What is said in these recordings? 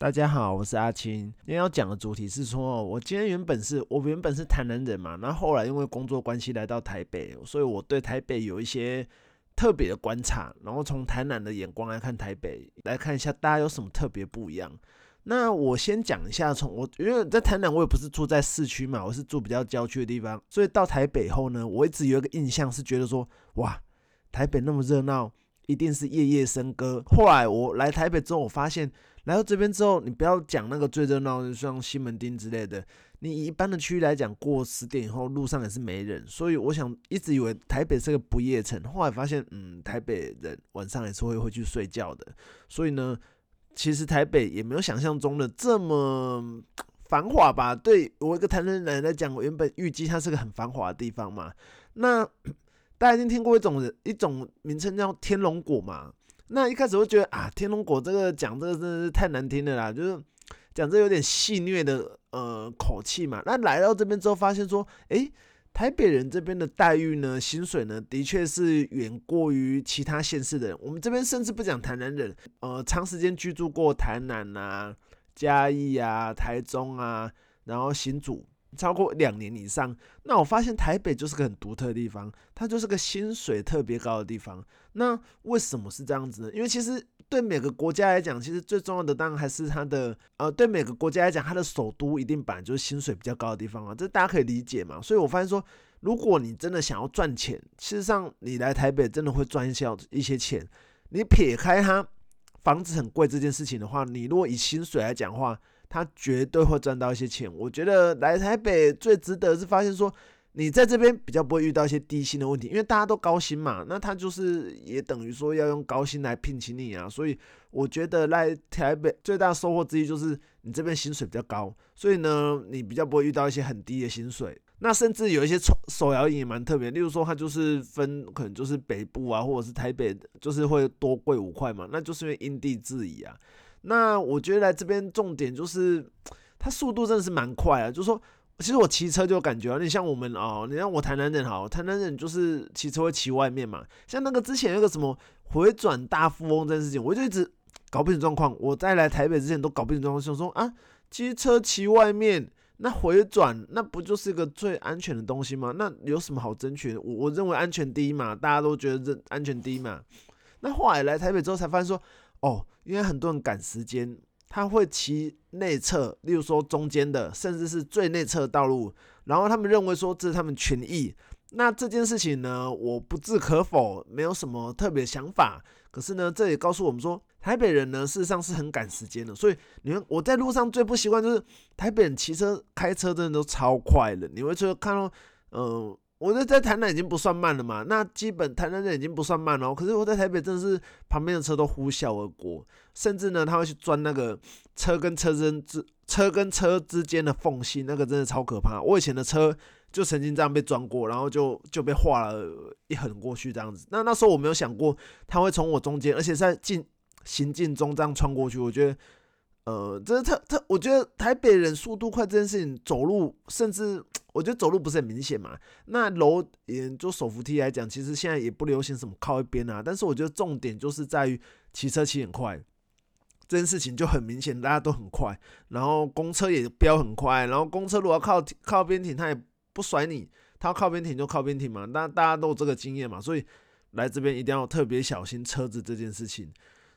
大家好，我是阿青。今天要講的主題是說，我今天原本是我原本是台南人嘛，那後來因為工作關係來到台北，所以我對台北有一些特別的觀察。然後從台南的眼光來看台北，來看一下大家有什麼特別不一樣。那我先講一下，從我因為在台南我也不是住在市區嘛，我是住比較郊區的地方，所以到台北後呢，我一直有一個印象是覺得說，哇，台北那麼熱鬧，一定是夜夜笙歌。後來我來台北之後，我發現。來到這邊之後，你不要講那個最熱鬧，像西門町之類的。你一般的區域來講，過十點以後路上也是沒人。所以我想一直以為台北是個不夜城，後來發現，嗯，台北人晚上也是會回去睡覺的。所以呢，其實台北也沒有想象中的這麼繁華吧？對我一個台南人來講，我原本預計它是個很繁華的地方嘛。那大家已經聽過一種人一種名稱叫天龍果嘛。那一開始會覺得啊，天龍國這個講這個真的是太難聽了啦，就是講這個有點戲謔的呃口氣嘛。那來到這邊之後，發現說，誒、欸、台北人這邊的待遇呢，薪水呢，的確是遠過於其他縣市的人。我們這邊甚至不講台南人，呃，長時間居住過台南啊、嘉義啊、台中啊，然後新竹，超過兩年以上，那我發現台北就是個很獨特的地方，它就是個薪水特別高的地方。那為什麼是這樣子呢？因為其實對每個國家來講，其實最重要的當然還是它的，呃，對每個國家來講，它的首都一定本來就是薪水比較高的地方啊，這大家可以理解嘛。所以我發現說，如果你真的想要賺錢，事實上你來台北真的會賺一些一些錢。你撇開它房子很貴這件事情的話，你如果以薪水來講的話。他絕對會賺到一些錢。我覺得來台北最值得是發現說，你在這邊比較不會遇到一些低薪的問題，因為大家都高薪嘛。那他就是也等於說要用高薪來聘請你啊。所以我覺得來台北最大的收穫之一就是你這邊薪水比較高，所以呢，你比較不會遇到一些很低的薪水。那甚至有一些手搖飲也蠻特別，例如說他就是分可能就是北部啊，或者是台北就是會多貴五塊嘛，那就是因為因地制宜啊。那我覺得來這邊重點就是，它速度真的是蠻快啊！就是說，其實我騎車就有感覺啊。你像我們哦，你像我台南人好，台南人就是騎車會騎外面嘛。像那個之前那個什麼迴轉大富翁這件事情，我就一直搞不清狀況。我在來台北之前都搞不清狀況，我、就是、說啊，機車騎外面，那迴轉那不就是一個最安全的東西嗎？那有什麼好爭取的？我我認為安全第一嘛，大家都覺得這安全第一嘛。那後來來台北之後才發現說。哦，因為很多人趕時間，他會騎內側，例如說中間的，甚至是最內側的道路，然後他們認為說這是他們權益。那這件事情呢，我不置可否，沒有什麼特別想法。可是呢，這也告訴我們說，台北人呢事實上是很趕時間的。所以，你們我在路上最不習慣就是台北人騎車、開車真的都超快的。你會說看到、哦、嗯、呃。我在在台南已經不算慢了嘛，那基本台南那已經不算慢了。可是我在台北真的是旁邊的車都呼嘯而過，甚至呢他會去鑽那個車跟車身之車跟車之間的縫隙，那個真的超可怕。我以前的車就曾經這樣被鑽過，然後就就被劃了一橫過去這樣子。那那時候我沒有想過他會從我中間，而且在進行進中這樣穿過去，我覺得。呃，就是他他，我覺得台北人速度快這件事情，走路甚至我覺得走路不是很明顯嘛。那樓也就手扶梯來講，其實現在也不流行什麼靠一邊啊。但是我覺得重點就是在於騎車騎很快這件事情就很明顯，大家都很快。然後公車也飆很快，然後公車如果要靠靠邊停，他也不甩你，他靠邊停就靠邊停嘛。那大家都有這個經驗嘛，所以來這邊一定要特別小心車子這件事情。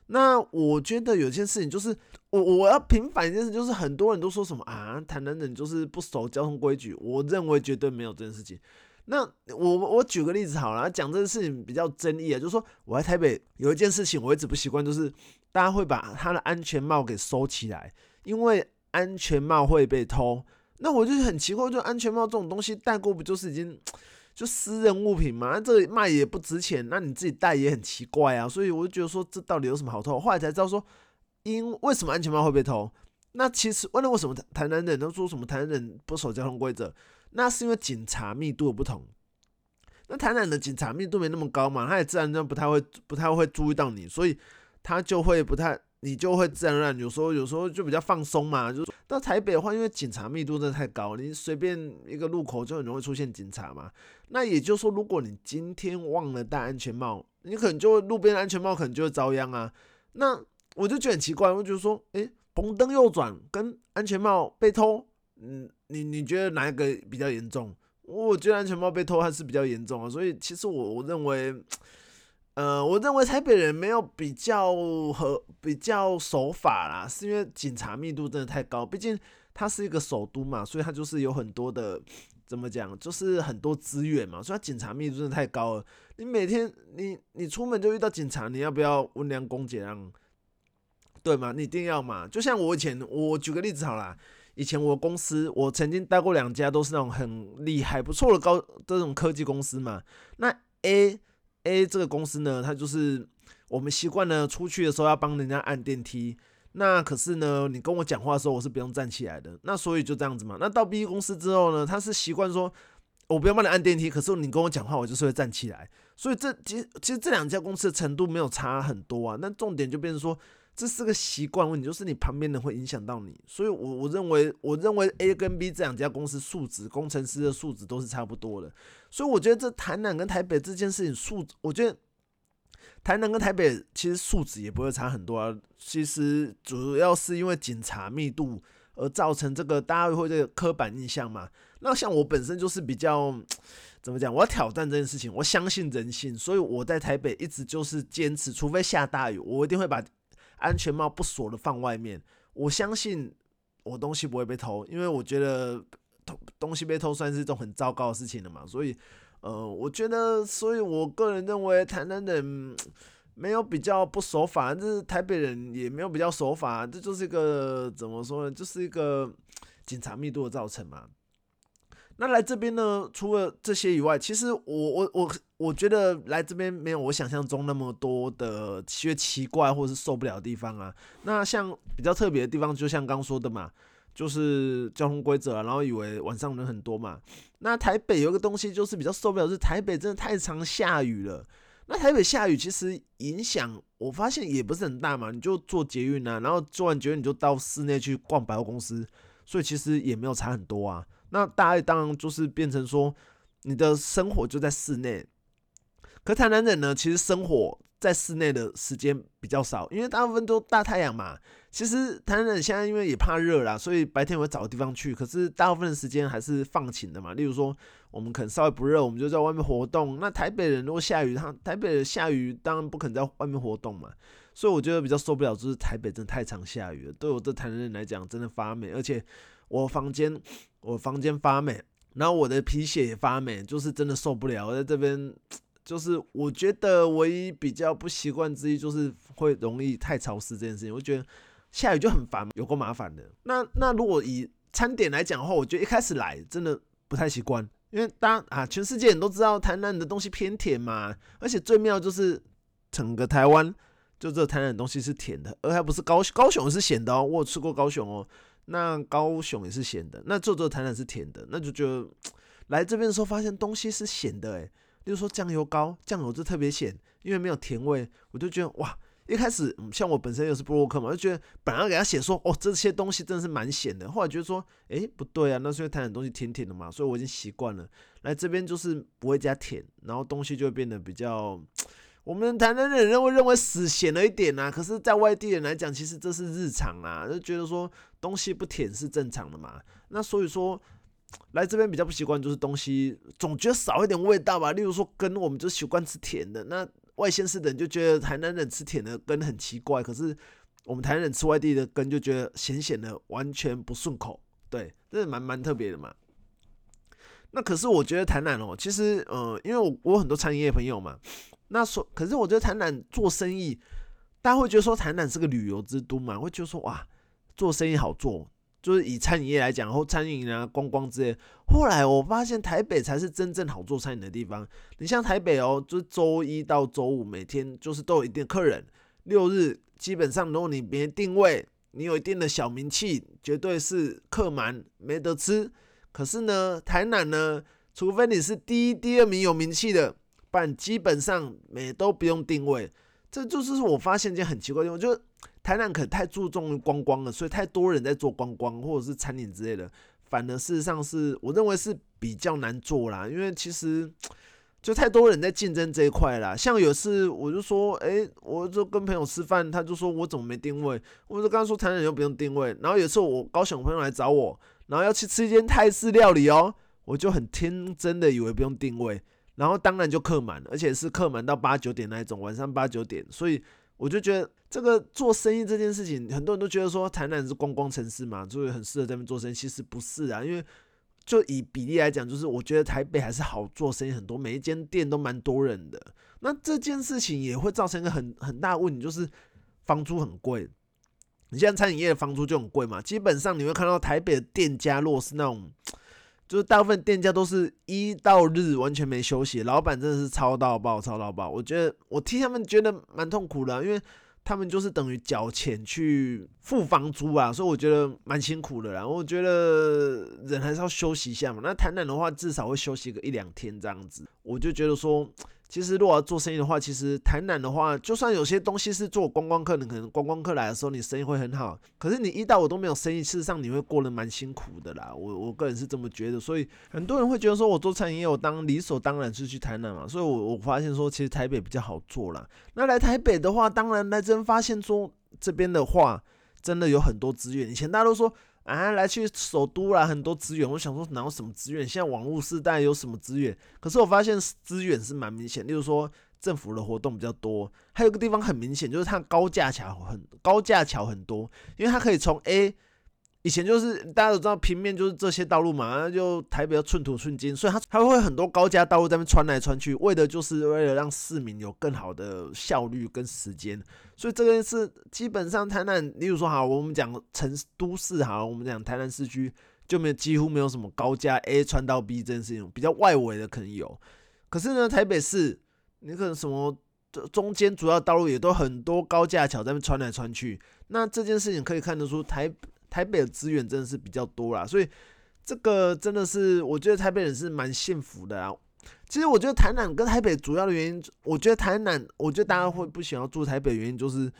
那我覺得有件事情就是。我我要平反一件事，就是很多人都說什麼啊，台南人就是不守交通規矩。我認為絕對沒有這件事情。那我我舉個例子好了，講這件事情比較爭議啊，就是說我在台北有一件事情我一直不習慣，就是大家會把他的安全帽給收起來，因為安全帽會被偷。那我就是很奇怪，就安全帽這種東西戴過不就是已經就私人物品嘛，這個賣也不值錢，那你自己戴也很奇怪啊。所以我就覺得說這到底有什麼好偷？後來才知道說。因為什麼安全帽會被偷？那其實問了為什麼台台南人都說什麼台南人不守交通規則？那是因為警察密度不同。那台南的警察密度沒那麼高嘛，他也自然就不太會不太會注意到你，所以他就會不太你就會自然而然有時候有時候就比較放鬆嘛。就是到台北的話，因為警察密度真的太高，你隨便一個路口就很容易出現警察嘛。那也就是說，如果你今天忘了戴安全帽，你可能就會路邊的安全帽可能就會遭殃啊。那。我就覺得很奇怪，我就說，誒、欸，紅燈右轉跟安全帽被偷，嗯，你你覺得哪一個比較嚴重？我覺得安全帽被偷還是比較嚴重啊。所以其實我我認為，呃，我認為台北人沒有比較和比較守法啦，是因為警察密度真的太高，畢竟它是一個首都嘛，所以它就是有很多的怎麼講，就是很多資源嘛，所以他警察密度真的太高了。你每天你你出門就遇到警察，你要不要溫良恭儉讓？對嘛？你一定要嘛？就像我以前，我舉個例子好啦，以前我公司，我曾經待過兩家，都是那種很厲害、不錯的高這種科技公司嘛。那 A A 這個公司呢，他就是我們習慣呢，出去的時候要幫人家按電梯。那可是呢，你跟我講話的時候，我是不用站起來的。那所以就這樣子嘛。那到 B 公司之後呢，他是習慣說，我不要幫你按電梯，可是你跟我講話，我就是會站起來。所以這其實其實這兩家公司的程度沒有差很多啊，那重點就變成說，這是個習慣問題，就是你旁邊人會影響到你。所以我，我我認為我認為 A 跟 B 這兩家公司素質，工程師的素質都是差不多的。所以我覺得這台南跟台北這件事情素，我覺得台南跟台北其實素質也不會差很多啊。其實主要是因為警察密度而造成這個大家會這個刻板印象嘛。那像我本身就是比較怎麼講？我要挑戰這件事情，我相信人性，所以我在台北一直就是堅持，除非下大雨，我一定會把安全帽不鎖的放外面。我相信我東西不會被偷，因為我覺得偷東西被偷算是一種很糟糕的事情了嘛。所以，呃，我覺得，所以我個人認為，台南人沒有比較不守法，但是台北人也沒有比較守法，這就是一個怎麼說呢？就是一個警察密度的造成嘛。那來這邊呢？除了這些以外，其實我我我我覺得來這邊沒有我想象中那麼多的些奇怪或者是受不了的地方啊。那像比較特別的地方，就像剛說的嘛，就是交通規則啊，然後以為晚上人很多嘛。那台北有一個東西就是比較受不了，是台北真的太常下雨了。那台北下雨其實影響，我發現也不是很大嘛。你就坐捷運啊，然後坐完捷運你就到室內去逛百貨公司，所以其實也沒有差很多啊。那大家也當然就是變成說，你的生活就在室內。可台南人呢，其實生活在室內的時間比較少，因為大部分都大太陽嘛。其實台南人現在因為也怕熱啦，所以白天我會找個地方去。可是大部分的時間還是放晴的嘛。例如說，我們可能稍微不熱，我們就在外面活動。那台北人如果下雨，他台北人下雨當然不可能在外面活動嘛。所以我覺得比較受不了就是台北真的太常下雨了，對我這台南人來講真的發霉，而且我房間。我房間發霉，然後我的皮鞋也發霉，就是真的受不了。我在這邊，就是我覺得唯一比較不習慣之一，就是會容易太潮濕這件事情。我覺得下雨就很煩，有夠麻煩的。那那如果以餐點來講的話，我覺得一開始來真的不太習慣，因為大家啊，全世界人都知道台南的東西偏甜嘛，而且最妙就是整個台灣就只有台南的東西是甜的，而它不是高高雄是鹹的哦。我有吃過高雄哦。那高雄也是鹹的，那做做台南是甜的，那就覺得來這邊的時候發現東西是鹹的，欸，哎，例如說醬油膏，醬油就特別鹹，因為沒有甜味，我就覺得哇，一開始、嗯、像我本身又是部落客嘛，就覺得本來給他寫說哦，這些東西真的是蠻鹹的，後來覺得說誒、欸、不對啊，那是因為台南東西甜甜的嘛，所以我已經習慣了，來這邊就是不會加甜，然後東西就會變得比較。我們台南人認為認為死鹹了一點啊。可是，在外地人來講，其實這是日常啊，就覺得說東西不甜是正常的嘛。那所以說來這邊比較不習慣，就是東西總覺得少一點味道吧。例如說，羹我們就習慣吃甜的，那外縣市的人就覺得台南人吃甜的羹很奇怪。可是我們台南人吃外地的羹就覺得鹹鹹的，完全不順口。對，這是蠻蠻特別的嘛。那可是我覺得台南哦，其實，呃，因為我我有很多餐飲業朋友嘛。那說，可是我覺得台南做生意，大家會覺得說台南是個旅遊之都嘛，會覺得說哇，做生意好做，就是以餐飲業來講，或餐飲啊、觀光之類。後來我發現台北才是真正好做餐飲的地方。你像台北哦，就周一到周五每天就是都有一定客人，六日基本上如果你沒定位，你有一定的小名氣，絕對是客滿沒得吃。可是呢，台南呢，除非你是第一、第二名有名氣的。飯基本上每都不用定位，這就是我發現一件很奇怪的。我覺得台南可太注重觀光了，所以太多人在做觀光或者是餐飲之類的，反而事實上是我認為是比較難做啦。因為其實就太多人在競爭這一塊啦。像有一次我就說，哎，我就跟朋友吃飯，他就說我怎麼沒定位？我就跟他說台南又不用定位。然後有次我高雄朋友來找我，然後要去吃一間泰式料理哦，我就很天真的以為不用定位。然後當然就客滿，而且是客滿到八九點那一種，晚上八九點。所以我就覺得這個做生意這件事情，很多人都覺得說台南是觀光城市嘛，所以很適合在那邊做生意。其實不是啊，因為就以比例來講，就是我覺得台北還是好做生意很多，每一間店都蠻多人的。那這件事情也會造成一個很很大問題，就是房租很貴。你像在餐飲業的房租就很貴嘛，基本上你會看到台北的店家，若是那種。就是大部分店家都是一到日完全沒休息，老闆真的是超到爆，超到爆。我覺得我替他們覺得蠻痛苦的啊，因為他們就是等於繳錢去付房租啊，所以我覺得蠻辛苦的啦。我覺得人還是要休息一下嘛，那台南的話至少會休息個一兩天這樣子，我就覺得說。其實，如果要做生意的話，其實台南的話，就算有些東西是做觀光客，你可能觀光客來的時候，你生意會很好。可是你一到，我都沒有生意，事實上你會過得蠻辛苦的啦。我我個人是這麼覺得，所以很多人會覺得說，我做餐飲業，我當理所當然是去台南嘛。所以我，我我發現說，其實台北比較好做啦。那來台北的話，當然來真發現說，這邊的話真的有很多資源。以前大家都說。啊，來去首都啦，很多資源。我想說，哪有什麼資源？現在網絡時代有什麼資源？可是我發現資源是蠻明顯，例如說政府的活動比較多，還有個地方很明顯就是它，高架橋很高架橋很多，因為它可以從 A。以前就是大家都知道，平面就是這些道路嘛，那就台北要寸土寸金，所以它它會很多高架道路在那邊穿來穿去，為的就是為了讓市民有更好的效率跟時間。所以這件事基本上台南，例如說哈，我們講成都市哈，我們講台南市區就沒有幾乎沒有什麼高架，A 穿到 B 這件事情，比較外圍的可能有。可是呢，台北市你可能什麼這中間主要道路也都很多高架橋在那邊穿來穿去，那這件事情可以看得出台台北的資源真的是比較多啦，所以這個真的是我覺得台北人是蠻幸福的啊。其實我覺得台南跟台北主要的原因，我覺得台南，我覺得大家會不喜歡住台北原因就是，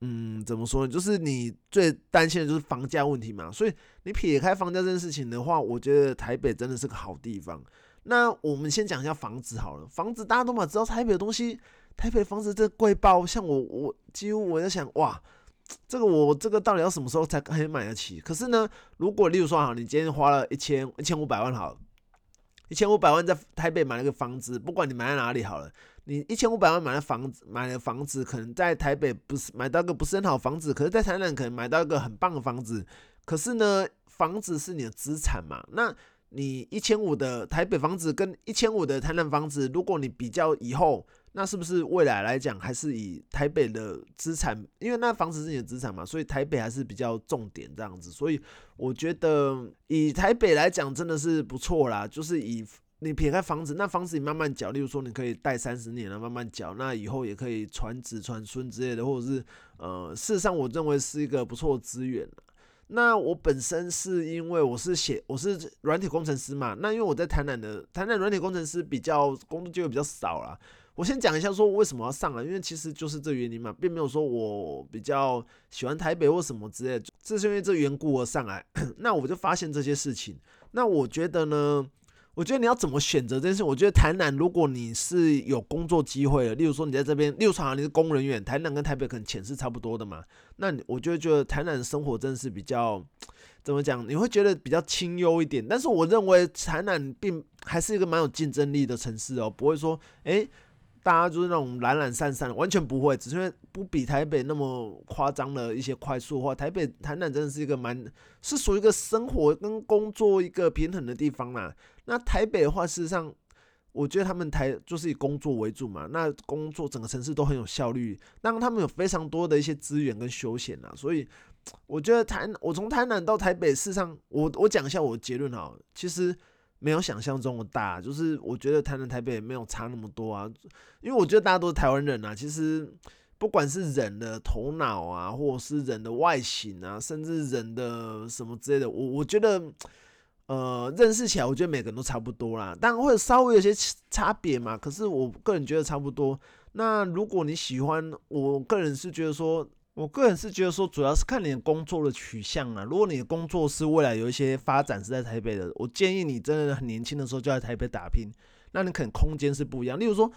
嗯，怎麼說呢？就是你最擔心的就是房價問題嘛。所以你撇開房價這件事情的話，我覺得台北真的是個好地方。那我們先講一下房子好了，房子大家都嘛知道台北的東西，台北的房子真貴爆，像我我幾乎我在想，哇。這個我這個到底要什麼時候才可以買得起？可是呢，如果例如說哈，你今天花了一千一千五百萬好，一千五百萬在台北買了個房子，不管你買在哪裡好了，你一千五百萬買了房子，買了房子可能在台北不是買到個不是很好房子，可是在台南可能買到一個很棒的房子。可是呢，房子是你的資產嘛？那你一千五的台北房子跟一千五的台南房子，如果你比較以後，那是不是未來來講，還是以台北的資產，因為那房子是你的資產嘛，所以台北還是比較重點這樣子。所以我覺得以台北來講，真的是不錯啦。就是以你撇開房子，那房子你慢慢繳，例如說你可以貸三十年了，慢慢繳，那以後也可以傳子傳孫之類的，或者是呃，事實上我認為是一個不錯的資源。那我本身是因為我是寫，我是軟體工程師嘛，那因為我在台南的台南軟體工程師比較工作機會比較少啦。我先講一下，說為什麼要上來，因為其實就是這原因嘛，並沒有說我比較喜歡台北或什麼之類的，就是因為這緣故而上來。那我就發現這些事情。那我覺得呢，我覺得你要怎麼選擇這件事？我覺得台南，如果你是有工作機會的，例如說你在這邊六廠你是工人員，台南跟台北可能錢是差不多的嘛。那我覺得，覺得台南的生活真的是比較怎麼講？你會覺得比較清幽一點。但是我認為台南並還是一個蠻有競爭力的城市哦、喔，不會說，哎、欸。大家就是那種懶懶散散的，完全不會，只是不比台北那麼誇張的一些快速化。台北，台南真的是一個蠻，是屬於一個生活跟工作一個平衡的地方啦。那台北的話，事實上，我覺得他們台就是以工作為主嘛。那工作整個城市都很有效率，讓他們有非常多的一些資源跟休閒啦。所以，我覺得台，我從台南到台北，事實上，我我講一下我的結論哈。其實。沒有想象中的大，就是我覺得台南台北也沒有差那麼多啊，因為我覺得大家都是台灣人啊。其實不管是人的頭腦啊，或者是人的外形啊，甚至人的什麼之類的，我我覺得，呃，認識起來我覺得每個人都差不多啦，當然會有稍微有些差別嘛。可是我個人覺得差不多。那如果你喜歡，我個人是覺得說。我個人是覺得說，主要是看你的工作的取向啊。如果你的工作是未來有一些發展是在台北的，我建議你真的很年輕的時候就在台北打拼，那你可能空間是不一樣。例如說，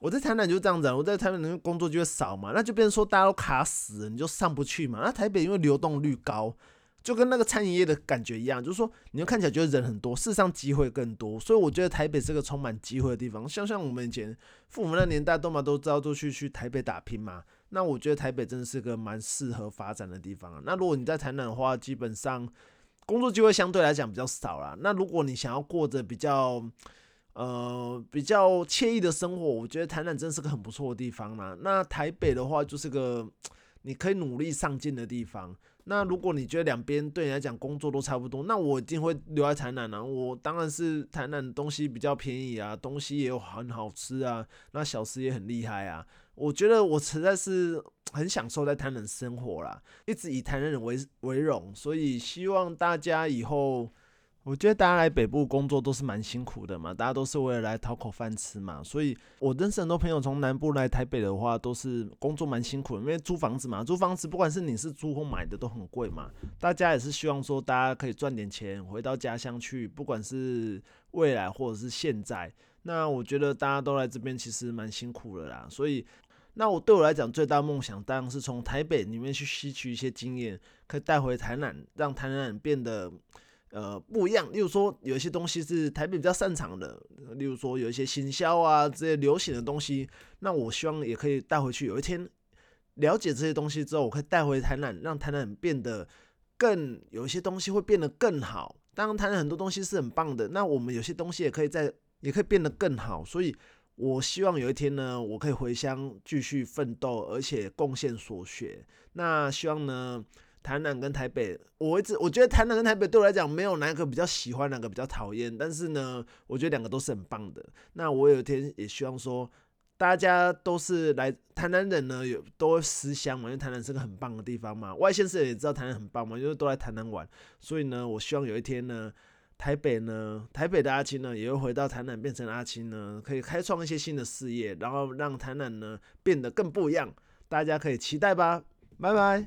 我在台南就這樣子啊，我在台南工作就會少嘛，那就變成說大家都卡死，你就上不去嘛。那台北因為流動率高，就跟那個餐飲業的感覺一樣，就是說你就看起來覺得人很多，事實上機會更多。所以我覺得台北是個充滿機會的地方。像像我們以前父母那年代，都嘛都知道，都去去台北打拼嘛。那我覺得台北真的是個蠻適合發展的地方啊。那如果你在台南的話，基本上工作機會相對來講比較少啦。那如果你想要過着比較呃比較愜意的生活，我覺得台南真是個很不錯的地方啦，啊，那台北的話，就是個你可以努力上進的地方。那如果你覺得兩邊對你來講工作都差不多，那我一定會留在台南啊，我當然是台南東西比較便宜啊，東西也有很好吃啊，那小吃也很厲害啊。我覺得我實在是很享受在台南生活啦，一直以台南人為為榮，所以希望大家以後。我覺得大家來北部工作都是蠻辛苦的嘛，大家都是為了來討口飯吃嘛，所以我認識很多朋友從南部來台北的話，都是工作蠻辛苦的，因為租房子嘛，租房子不管是你是租或買的都很貴嘛，大家也是希望說大家可以賺點錢回到家鄉去，不管是未來或者是現在，那我覺得大家都來這邊其實蠻辛苦的啦，所以那我對我來講最大夢想當然是從台北裡面去吸取一些經驗，可以帶回台南，讓台南變得。呃，不一樣。例如說，有一些東西是台北比較擅長的，例如說有一些行銷啊，這些流行的東西。那我希望也可以帶回去。有一天了解這些東西之後，我可以帶回台南，讓台南變得更有一些東西會變得更好。當然，台南很多東西是很棒的。那我們有些東西也可以再，也可以變得更好。所以，我希望有一天呢，我可以回鄉繼續奮鬥，而且貢獻所學。那希望呢，台南跟台北，我一直我覺得台南跟台北對我來講沒有哪個比較喜歡，哪個比較討厭，但是呢，我覺得兩個都是很棒的。那我有一天也希望說，大家都是來台南人呢，有都會思鄉嘛，因為台南是個很棒的地方嘛，外縣市也知道台南很棒嘛，因為都來台南玩，所以呢，我希望有一天呢，台北呢，台北的阿青呢，也會回到台南變成阿青呢，可以開創一些新的事業，然後讓台南呢變得更不一樣，大家可以期待吧，拜拜。